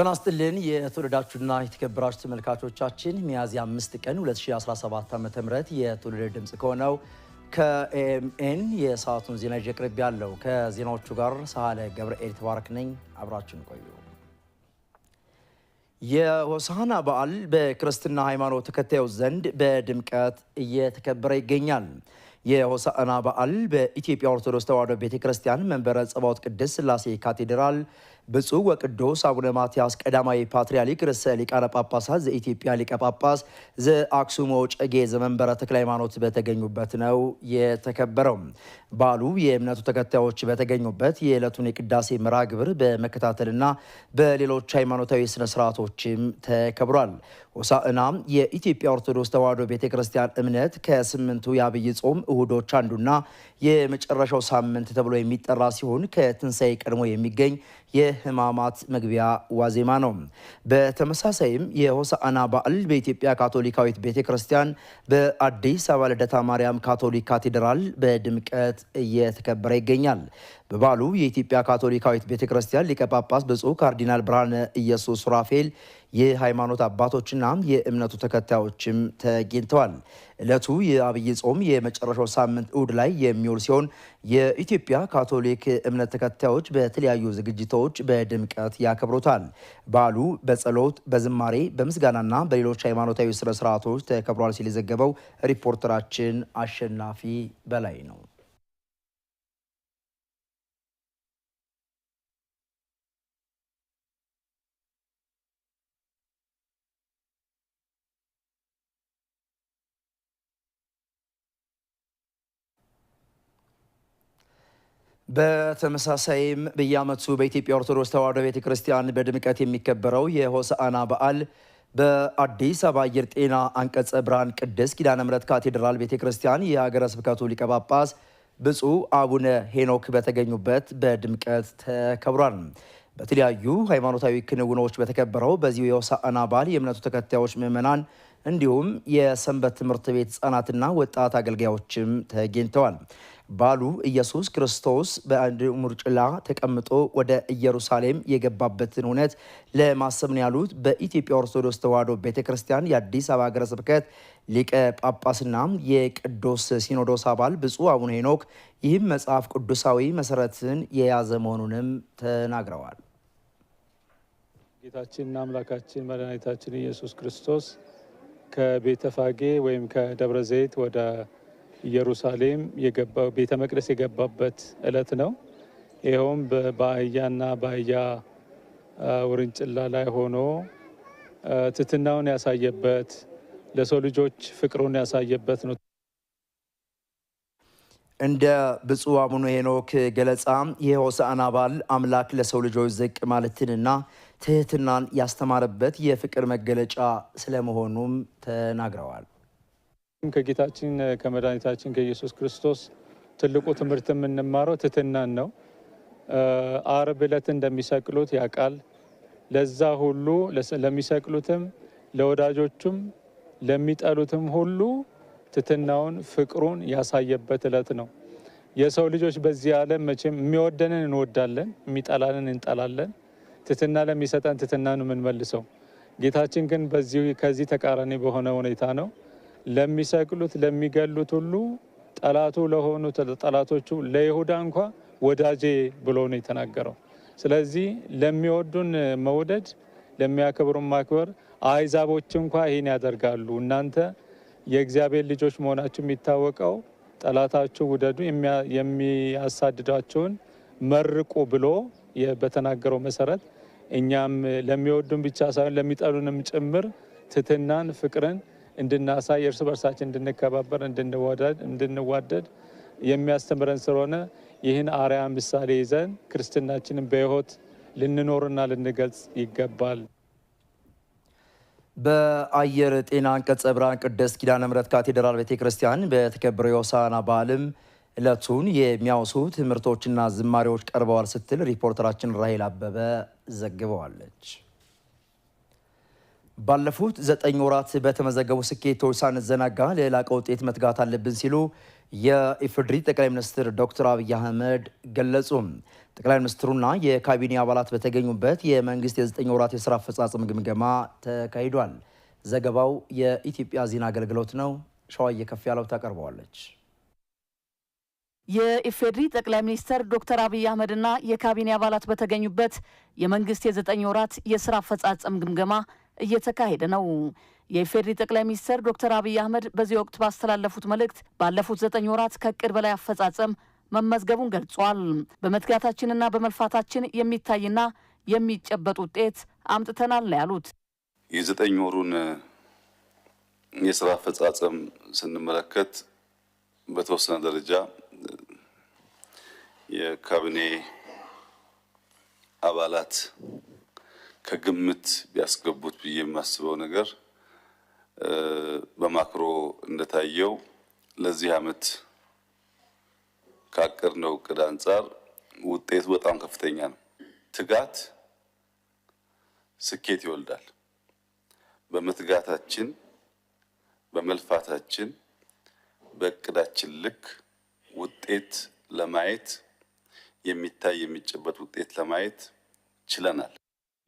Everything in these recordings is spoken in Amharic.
ጤና ይስጥልን የተወደዳችሁና የተከበራችሁ ተመልካቾቻችን ሚያዝያ 5 ቀን 2017 ዓ.ም የትውልድ ድምፅ ከሆነው ከኤኤምኤን የሰዓቱን ዜና ይዤ ቅርብ ያለው ከዜናዎቹ ጋር ሳህለ ገብርኤል ተባረክ ነኝ። አብራችን ቆዩ። የሆሳና በዓል በክርስትና ሃይማኖት ተከታዮች ዘንድ በድምቀት እየተከበረ ይገኛል። የሆሳና በዓል በኢትዮጵያ ኦርቶዶክስ ተዋሕዶ ቤተ ክርስቲያን መንበረ ጸባዖት ቅድስት ስላሴ ካቴድራል ብፁዕ ወቅዱስ አቡነ ማትያስ ቀዳማዊ ፓትርያርክ ርዕሰ ሊቃነ ጳጳሳት ዘኢትዮጵያ ሊቀ ጳጳስ ዘአክሱም ወዕጨጌ ዘመንበረ ተክለ ሃይማኖት በተገኙበት ነው የተከበረው። በዓሉ የእምነቱ ተከታዮች በተገኙበት የዕለቱን የቅዳሴ መርሃ ግብር በመከታተልና በሌሎች ሃይማኖታዊ ስነ ስርዓቶችም ተከብሯል። ሆሳዕና የኢትዮጵያ ኦርቶዶክስ ተዋሕዶ ቤተ ክርስቲያን እምነት ከስምንቱ የአብይ ጾም እሁዶች አንዱና የመጨረሻው ሳምንት ተብሎ የሚጠራ ሲሆን ከትንሣኤ ቀድሞ የሚገኝ የሕማማት መግቢያ ዋዜማ ነው። በተመሳሳይም የሆሳዕና በዓል በኢትዮጵያ ካቶሊካዊት ቤተ ክርስቲያን በአዲስ አበባ ልደታ ማርያም ካቶሊክ ካቴድራል በድምቀት እየተከበረ ይገኛል። በበዓሉ የኢትዮጵያ ካቶሊካዊት ቤተ ክርስቲያን ሊቀ ጳጳስ ብፁዕ ካርዲናል ብርሃነ ኢየሱስ ሱራፌል የሃይማኖት አባቶችና የእምነቱ ተከታዮችም ተገኝተዋል። እለቱ የአብይ ጾም የመጨረሻው ሳምንት እሁድ ላይ የሚውል ሲሆን የኢትዮጵያ ካቶሊክ እምነት ተከታዮች በተለያዩ ዝግጅቶች በድምቀት ያከብሩታል። በዓሉ በጸሎት፣ በዝማሬ፣ በምስጋናና በሌሎች ሃይማኖታዊ ስነ ስርዓቶች ተከብሯል ሲል የዘገበው ሪፖርተራችን አሸናፊ በላይ ነው። በተመሳሳይም በየዓመቱ በኢትዮጵያ ኦርቶዶክስ ተዋሕዶ ቤተ ክርስቲያን በድምቀት የሚከበረው የሆሳዕና በዓል በአዲስ አበባ አየር ጤና አንቀጸ ብርሃን ቅድስት ኪዳነ ምሕረት ካቴድራል ቤተ ክርስቲያን የሀገረ ስብከቱ ሊቀ ጳጳስ ብፁዕ አቡነ ሄኖክ በተገኙበት በድምቀት ተከብሯል። በተለያዩ ሃይማኖታዊ ክንውኖች በተከበረው በዚሁ የሆሳዕና በዓል የእምነቱ ተከታዮች ምዕመናን፣ እንዲሁም የሰንበት ትምህርት ቤት ህጻናትና ወጣት አገልጋዮችም ተገኝተዋል። ባሉ ኢየሱስ ክርስቶስ በአንድ ሙርጭላ ተቀምጦ ወደ ኢየሩሳሌም የገባበትን እውነት ለማሰብ ነው ያሉት በኢትዮጵያ ኦርቶዶክስ ተዋሕዶ ቤተ ክርስቲያን የአዲስ አበባ ሀገረ ስብከት ሊቀ ጳጳስና የቅዱስ ሲኖዶስ አባል ብፁዕ አቡነ ሄኖክ። ይህም መጽሐፍ ቅዱሳዊ መሰረትን የያዘ መሆኑንም ተናግረዋል። ጌታችንና አምላካችን መድኃኒታችን ኢየሱስ ክርስቶስ ከቤተፋጌ ወይም ከደብረ ዘይት ወደ ኢየሩሳሌም የገባው ቤተ መቅደስ የገባበት እለት ነው። ይኸውም በአህያና በአህያ ውርንጭላ ላይ ሆኖ ትህትናውን ያሳየበት ለሰው ልጆች ፍቅሩን ያሳየበት ነው። እንደ ብፁዕ አቡነ ሄኖክ ገለጻ የሆሳዕና በዓል አምላክ ለሰው ልጆች ዝቅ ማለትንና ትህትናን ያስተማረበት የፍቅር መገለጫ ስለመሆኑም ተናግረዋል። ከጌታችን ከመድኃኒታችን ከኢየሱስ ክርስቶስ ትልቁ ትምህርት የምንማረው ትትናን ነው። አርብ ዕለት እንደሚሰቅሉት ያውቃል። ለዛ ሁሉ ለሚሰቅሉትም፣ ለወዳጆቹም፣ ለሚጠሉትም ሁሉ ትትናውን ፍቅሩን ያሳየበት ዕለት ነው። የሰው ልጆች በዚህ ዓለም መቼም የሚወደንን እንወዳለን፣ የሚጠላንን እንጠላለን። ትትና ለሚሰጠን ትትና ነው የምንመልሰው። ጌታችን ግን በዚህ ከዚህ ተቃራኒ በሆነ ሁኔታ ነው ለሚሰቅሉት ለሚገሉት ሁሉ ጠላቱ ለሆኑት ጠላቶቹ ለይሁዳ እንኳ ወዳጄ ብሎ ነው የተናገረው። ስለዚህ ለሚወዱን መውደድ፣ ለሚያከብሩን ማክበር አይዛቦች እንኳ ይህን ያደርጋሉ። እናንተ የእግዚአብሔር ልጆች መሆናችሁ የሚታወቀው ጠላታችሁ ውደዱ፣ የሚያሳድዳቸውን መርቁ ብሎ በተናገረው መሰረት እኛም ለሚወዱን ብቻ ሳይሆን ለሚጠሉንም ጭምር ትህትናን፣ ፍቅርን እንድናሳይ እርስ በርሳችን እንድንከባበር፣ እንድንዋደድ የሚያስተምረን ስለሆነ ይህን አርያ ምሳሌ ይዘን ክርስትናችንን በሕይወት ልንኖርና ልንገልጽ ይገባል። በአየር ጤና አንቀጸ ብርሃን ቅድስት ኪዳነ ምሕረት ካቴድራል ቤተ ክርስቲያን በተከበረው የሆሳዕና በዓልም ዕለቱን የሚያወሱ ትምህርቶችና ዝማሬዎች ቀርበዋል ስትል ሪፖርተራችን ራሄል አበበ ዘግበዋለች። ባለፉት ዘጠኝ ወራት በተመዘገቡ ስኬቶች ሳንዘናጋ ለላቀ ውጤት መትጋት አለብን ሲሉ የኢፌዴሪ ጠቅላይ ሚኒስትር ዶክተር አብይ አህመድ ገለጹ። ጠቅላይ ሚኒስትሩና የካቢኔ አባላት በተገኙበት የመንግስት የዘጠኝ ወራት የስራ አፈጻጸም ግምገማ ተካሂዷል። ዘገባው የኢትዮጵያ ዜና አገልግሎት ነው። ሸዋዬ ከፍ ያለው ታቀርበዋለች። የኢፌዴሪ ጠቅላይ ሚኒስተር ዶክተር አብይ አህመድና የካቢኔ አባላት በተገኙበት የመንግስት የዘጠኝ ወራት የስራ አፈጻጸም ግምገማ እየተካሄደ ነው። የኢፌዴሪ ጠቅላይ ሚኒስትር ዶክተር አብይ አህመድ በዚህ ወቅት ባስተላለፉት መልእክት ባለፉት ዘጠኝ ወራት ከእቅድ በላይ አፈጻጸም መመዝገቡን ገልጿል። በመትጋታችንና በመልፋታችን የሚታይና የሚጨበጥ ውጤት አምጥተናል ያሉት። የዘጠኝ ወሩን የስራ አፈጻጸም ስንመለከት በተወሰነ ደረጃ የካቢኔ አባላት ከግምት ቢያስገቡት ብዬ የማስበው ነገር በማክሮ እንደታየው ለዚህ ዓመት ካቀድነው እቅድ አንጻር ውጤቱ በጣም ከፍተኛ ነው። ትጋት ስኬት ይወልዳል። በመትጋታችን በመልፋታችን በእቅዳችን ልክ ውጤት ለማየት የሚታይ የሚጨበጥ ውጤት ለማየት ችለናል።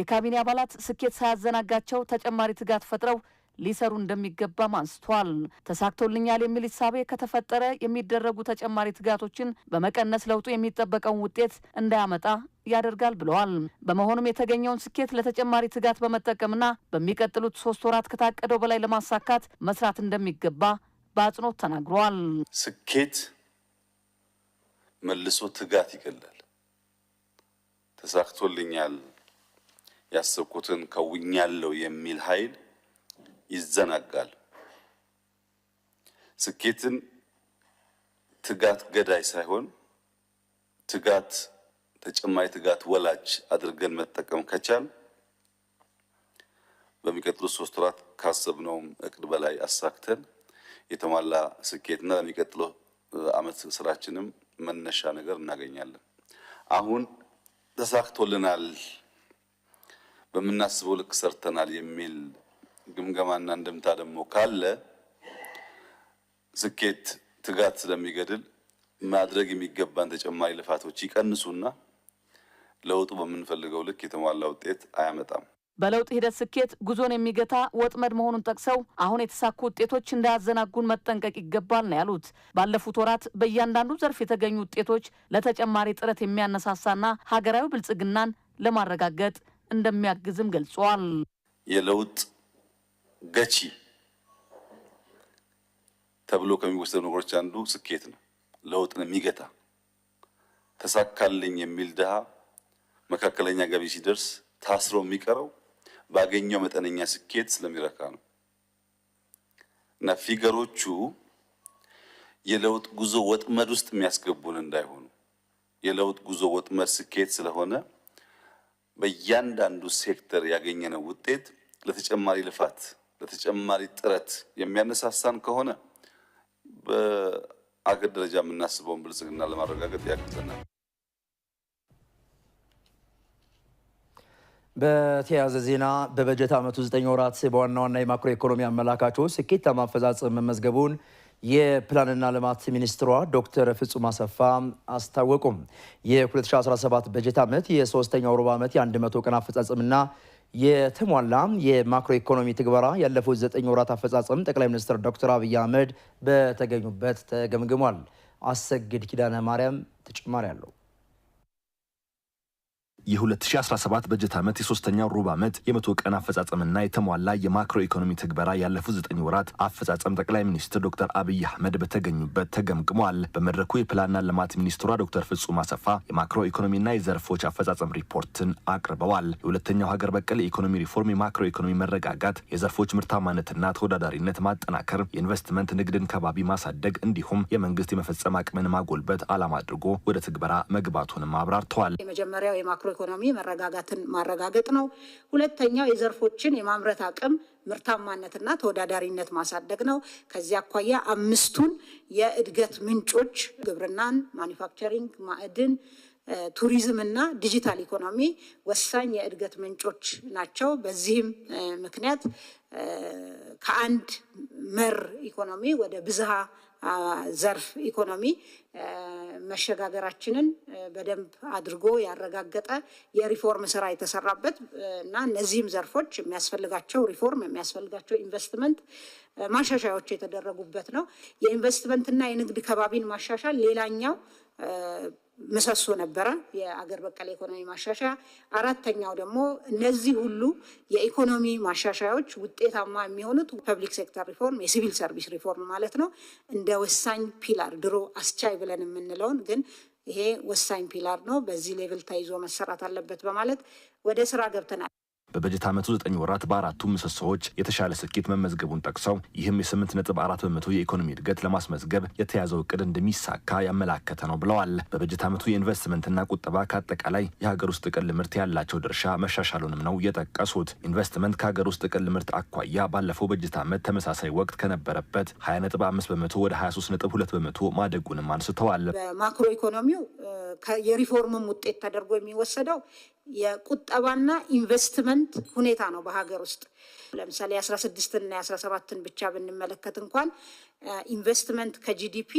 የካቢኔ አባላት ስኬት ሳያዘናጋቸው ተጨማሪ ትጋት ፈጥረው ሊሰሩ እንደሚገባም አንስቷል። ተሳክቶልኛል የሚል ሳቤ ከተፈጠረ የሚደረጉ ተጨማሪ ትጋቶችን በመቀነስ ለውጡ የሚጠበቀውን ውጤት እንዳያመጣ ያደርጋል ብለዋል። በመሆኑም የተገኘውን ስኬት ለተጨማሪ ትጋት በመጠቀምና በሚቀጥሉት ሶስት ወራት ከታቀደው በላይ ለማሳካት መስራት እንደሚገባ በአጽንኦት ተናግረዋል። ስኬት መልሶ ትጋት ይገላል። ተሳክቶልኛል ያሰብኩትን ከውኛለሁ የሚል ኃይል ይዘናጋል። ስኬትን ትጋት ገዳይ ሳይሆን ትጋት ተጨማሪ ትጋት ወላጅ አድርገን መጠቀም ከቻል በሚቀጥሉት ሶስት ወራት ካሰብነውም እቅድ በላይ አሳክተን የተሟላ ስኬትና ለሚቀጥለው አመት ስራችንም መነሻ ነገር እናገኛለን። አሁን ተሳክቶልናል በምናስበው ልክ ሰርተናል የሚል ግምገማና እንድምታ ደግሞ ካለ ስኬት ትጋት ስለሚገድል ማድረግ የሚገባን ተጨማሪ ልፋቶች ይቀንሱና ለውጡ በምንፈልገው ልክ የተሟላ ውጤት አያመጣም። በለውጥ ሂደት ስኬት ጉዞን የሚገታ ወጥመድ መሆኑን ጠቅሰው አሁን የተሳኩ ውጤቶች እንዳያዘናጉን መጠንቀቅ ይገባል ነው ያሉት። ባለፉት ወራት በእያንዳንዱ ዘርፍ የተገኙ ውጤቶች ለተጨማሪ ጥረት የሚያነሳሳና ሀገራዊ ብልጽግናን ለማረጋገጥ እንደሚያግዝም ገልጿል። የለውጥ ገቺ ተብሎ ከሚወሰዱ ነገሮች አንዱ ስኬት ነው። ለውጥን የሚገታ ተሳካልኝ የሚል ድሃ መካከለኛ ገቢ ሲደርስ ታስሮ የሚቀረው ባገኘው መጠነኛ ስኬት ስለሚረካ ነው እና ፊገሮቹ የለውጥ ጉዞ ወጥመድ ውስጥ የሚያስገቡን እንዳይሆኑ የለውጥ ጉዞ ወጥመድ ስኬት ስለሆነ በእያንዳንዱ ሴክተር ያገኘነው ውጤት ለተጨማሪ ልፋት፣ ለተጨማሪ ጥረት የሚያነሳሳን ከሆነ በአገር ደረጃ የምናስበውን ብልጽግና ለማረጋገጥ ያግዘናል። በተያያዘ ዜና በበጀት ዓመቱ 9 ወራት በዋና ዋና የማክሮ ኢኮኖሚ አመላካቾች ስኬታማ አፈጻጸም መመዝገቡን የፕላንና ልማት ሚኒስትሯ ዶክተር ፍጹም አሰፋ አስታወቁም። የ2017 በጀት ዓመት የሶስተኛው ሩብ ዓመት የ100 ቀን አፈጻጸምና የተሟላ የማክሮ ኢኮኖሚ ትግበራ ያለፉት ዘጠኝ ወራት አፈጻጸም ጠቅላይ ሚኒስትር ዶክተር አብይ አህመድ በተገኙበት ተገምግሟል። አሰግድ ኪዳነ ማርያም ተጨማሪ አለው። የ2017 በጀት ዓመት የሶስተኛው ሩብ ዓመት የመቶ ቀን አፈጻጸምና የተሟላ የማክሮ ኢኮኖሚ ትግበራ ያለፉት ዘጠኝ ወራት አፈጻጸም ጠቅላይ ሚኒስትር ዶክተር አብይ አህመድ በተገኙበት ተገምግሟል። በመድረኩ የፕላንና ልማት ሚኒስትሯ ዶክተር ፍጹም አሰፋ የማክሮ ኢኮኖሚና የዘርፎች አፈጻጸም ሪፖርትን አቅርበዋል። የሁለተኛው ሀገር በቀል የኢኮኖሚ ሪፎርም የማክሮ ኢኮኖሚ መረጋጋት፣ የዘርፎች ምርታማነትና ተወዳዳሪነት ማጠናከር፣ የኢንቨስትመንት ንግድን ከባቢ ማሳደግ እንዲሁም የመንግስት የመፈጸም አቅምን ማጎልበት ዓላማ አድርጎ ወደ ትግበራ መግባቱንም አብራርተዋል። ኢኮኖሚ መረጋጋትን ማረጋገጥ ነው። ሁለተኛው የዘርፎችን የማምረት አቅም ምርታማነትና ተወዳዳሪነት ማሳደግ ነው። ከዚህ አኳያ አምስቱን የእድገት ምንጮች ግብርናን፣ ማኒፋክቸሪንግ፣ ማዕድን ቱሪዝም እና ዲጂታል ኢኮኖሚ ወሳኝ የእድገት ምንጮች ናቸው። በዚህም ምክንያት ከአንድ መር ኢኮኖሚ ወደ ብዝሃ ዘርፍ ኢኮኖሚ መሸጋገራችንን በደንብ አድርጎ ያረጋገጠ የሪፎርም ስራ የተሰራበት እና እነዚህም ዘርፎች የሚያስፈልጋቸው ሪፎርም የሚያስፈልጋቸው ኢንቨስትመንት ማሻሻያዎች የተደረጉበት ነው። የኢንቨስትመንትና የንግድ ከባቢን ማሻሻል ሌላኛው ምሰሶ ነበረ የአገር በቀል የኢኮኖሚ ማሻሻያ። አራተኛው ደግሞ እነዚህ ሁሉ የኢኮኖሚ ማሻሻያዎች ውጤታማ የሚሆኑት ፐብሊክ ሴክተር ሪፎርም፣ የሲቪል ሰርቪስ ሪፎርም ማለት ነው እንደ ወሳኝ ፒላር ድሮ አስቻይ ብለን የምንለውን ግን ይሄ ወሳኝ ፒላር ነው፣ በዚህ ሌቭል ተይዞ መሰራት አለበት በማለት ወደ ስራ ገብተናል። በበጀት ዓመቱ ዘጠኝ ወራት በአራቱ ምሰሶዎች የተሻለ ስኬት መመዝገቡን ጠቅሰው ይህም የስምንት ነጥብ አራት በመቶ የኢኮኖሚ እድገት ለማስመዝገብ የተያዘው እቅድ እንደሚሳካ ያመላከተ ነው ብለዋል። በበጀት ዓመቱ የኢንቨስትመንትና ቁጠባ ከአጠቃላይ የሀገር ውስጥ ጥቅል ምርት ያላቸው ድርሻ መሻሻሉንም ነው የጠቀሱት። ኢንቨስትመንት ከሀገር ውስጥ ጥቅል ምርት አኳያ ባለፈው በጀት ዓመት ተመሳሳይ ወቅት ከነበረበት 20.5 በመቶ ወደ 23.2 በመቶ ማደጉንም አንስተዋል። በማክሮ ኢኮኖሚው የሪፎርምም ውጤት ተደርጎ የሚወሰደው የቁጠባና ኢንቨስትመንት ሁኔታ ነው በሀገር ውስጥ። ለምሳሌ የአስራ ስድስትን የአስራ ሰባትን ብቻ ብንመለከት እንኳን ኢንቨስትመንት ከጂዲፒ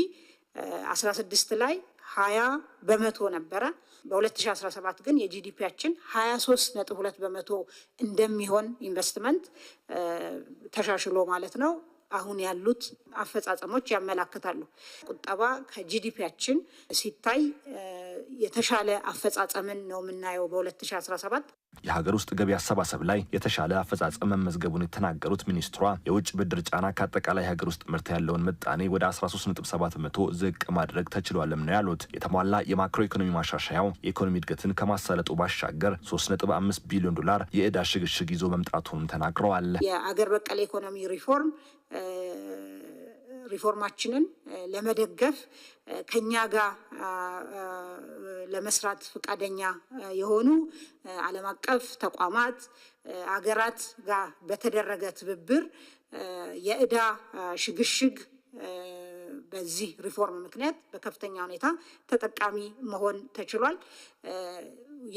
አስራ ስድስት ላይ ሀያ በመቶ ነበረ። በ2017 ግን የጂዲፒያችን ሶስት ነጥብ ሁለት በመቶ እንደሚሆን ኢንቨስትመንት ተሻሽሎ ማለት ነው አሁን ያሉት አፈጻጸሞች ያመላክታሉ። ቁጠባ ከጂዲፒያችን ሲታይ የተሻለ አፈጻጸምን ነው የምናየው በ2017 የሀገር ውስጥ ገቢ አሰባሰብ ላይ የተሻለ አፈጻጸም መመዝገቡን የተናገሩት ሚኒስትሯ የውጭ ብድር ጫና ከአጠቃላይ የሀገር ውስጥ ምርት ያለውን ምጣኔ ወደ 13.7 በመቶ ዝቅ ማድረግ ተችሏልም ነው ያሉት። የተሟላ የማክሮ ኢኮኖሚ ማሻሻያው የኢኮኖሚ እድገትን ከማሳለጡ ባሻገር 3.5 ቢሊዮን ዶላር የዕዳ ሽግሽግ ይዞ መምጣቱንም ተናግረዋል። የአገር በቀል ኢኮኖሚ ሪፎርም ሪፎርማችንን ለመደገፍ ከኛ ጋር ለመስራት ፈቃደኛ የሆኑ ዓለም አቀፍ ተቋማት አገራት ጋር በተደረገ ትብብር የእዳ ሽግሽግ በዚህ ሪፎርም ምክንያት በከፍተኛ ሁኔታ ተጠቃሚ መሆን ተችሏል።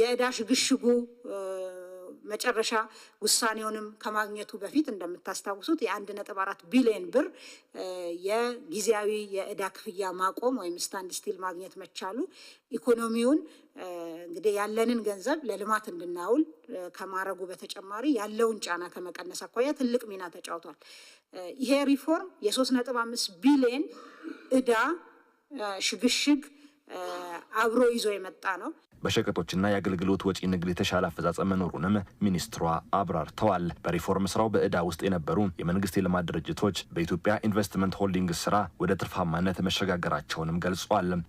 የእዳ ሽግሽጉ መጨረሻ ውሳኔውንም ከማግኘቱ በፊት እንደምታስታውሱት የአንድ ነጥብ አራት ቢሊዮን ብር የጊዜያዊ የእዳ ክፍያ ማቆም ወይም ስታንድ ስቲል ማግኘት መቻሉ ኢኮኖሚውን እንግዲህ ያለንን ገንዘብ ለልማት እንድናውል ከማረጉ በተጨማሪ ያለውን ጫና ከመቀነስ አኳያ ትልቅ ሚና ተጫውቷል። ይሄ ሪፎርም የሶስት ነጥብ አምስት ቢሊዮን እዳ ሽግሽግ አብሮ ይዞ የመጣ ነው። በሸቀጦችና የአገልግሎት ወጪ ንግድ የተሻለ አፈጻጸም መኖሩንም ሚኒስትሯ አብራርተዋል። በሪፎርም ስራው በዕዳ ውስጥ የነበሩ የመንግስት የልማት ድርጅቶች በኢትዮጵያ ኢንቨስትመንት ሆልዲንግ ስራ ወደ ትርፋማነት መሸጋገራቸውንም ገልጿል።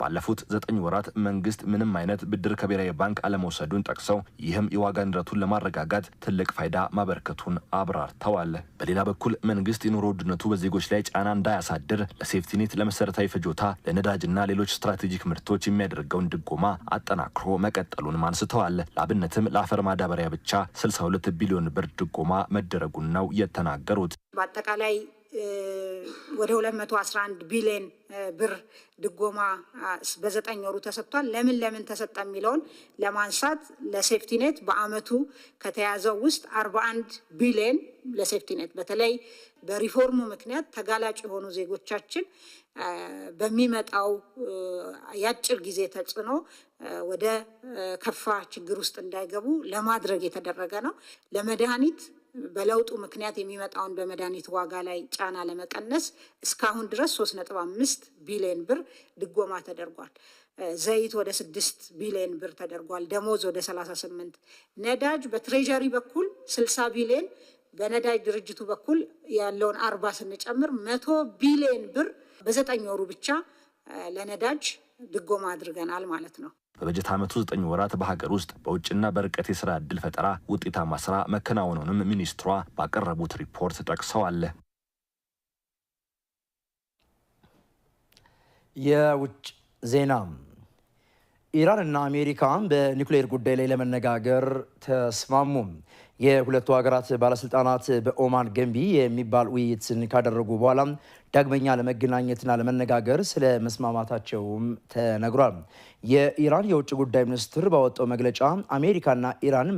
ባለፉት ዘጠኝ ወራት መንግስት ምንም አይነት ብድር ከብሔራዊ ባንክ አለመውሰዱን ጠቅሰው ይህም የዋጋ ንረቱን ለማረጋጋት ትልቅ ፋይዳ ማበርከቱን አብራርተዋል። በሌላ በኩል መንግስት የኑሮ ውድነቱ በዜጎች ላይ ጫና እንዳያሳድር ለሴፍቲኔት፣ ለመሰረታዊ ፍጆታ፣ ለነዳጅና ሌሎች ስትራቴጂክ ምርቶች የሚያደርገውን ድጎማ አጠናክሮ መቀጠሉንም አንስተዋል። ለአብነትም ለአፈር ማዳበሪያ ብቻ 62 ቢሊዮን ብር ድጎማ መደረጉን ነው የተናገሩት። በአጠቃላይ ወደ 211 ቢሊዮን ብር ድጎማ በዘጠኝ ወሩ ተሰጥቷል። ለምን ለምን ተሰጠ የሚለውን ለማንሳት ለሴፍቲኔት በአመቱ ከተያዘው ውስጥ 41 ቢሊዮን ለሴፍቲኔት በተለይ በሪፎርሙ ምክንያት ተጋላጭ የሆኑ ዜጎቻችን በሚመጣው የአጭር ጊዜ ተጽዕኖ ወደ ከፋ ችግር ውስጥ እንዳይገቡ ለማድረግ የተደረገ ነው። ለመድኃኒት በለውጡ ምክንያት የሚመጣውን በመድኃኒት ዋጋ ላይ ጫና ለመቀነስ እስካሁን ድረስ ሶስት ነጥብ አምስት ቢሊዮን ብር ድጎማ ተደርጓል። ዘይት ወደ ስድስት ቢሊዮን ብር ተደርጓል። ደሞዝ ወደ ሰላሳ ስምንት ነዳጅ በትሬጀሪ በኩል ስልሳ ቢሊዮን በነዳጅ ድርጅቱ በኩል ያለውን አርባ ስንጨምር መቶ ቢሊዮን ብር በዘጠኝ ወሩ ብቻ ለነዳጅ ድጎማ አድርገናል ማለት ነው። በበጀት ዓመቱ ዘጠኝ ወራት በሀገር ውስጥ በውጭና በርቀት የስራ ዕድል ፈጠራ ውጤታማ ስራ መከናወኑንም ሚኒስትሯ ባቀረቡት ሪፖርት ጠቅሰዋል። የውጭ ዜና ኢራን እና አሜሪካ በኒውክሌር ጉዳይ ላይ ለመነጋገር ተስማሙ። የሁለቱ ሀገራት ባለስልጣናት በኦማን ገንቢ የሚባል ውይይትን ካደረጉ በኋላ ዳግመኛ ለመገናኘትና ለመነጋገር ስለ መስማማታቸውም ተነግሯል። የኢራን የውጭ ጉዳይ ሚኒስትር ባወጣው መግለጫ አሜሪካና ኢራን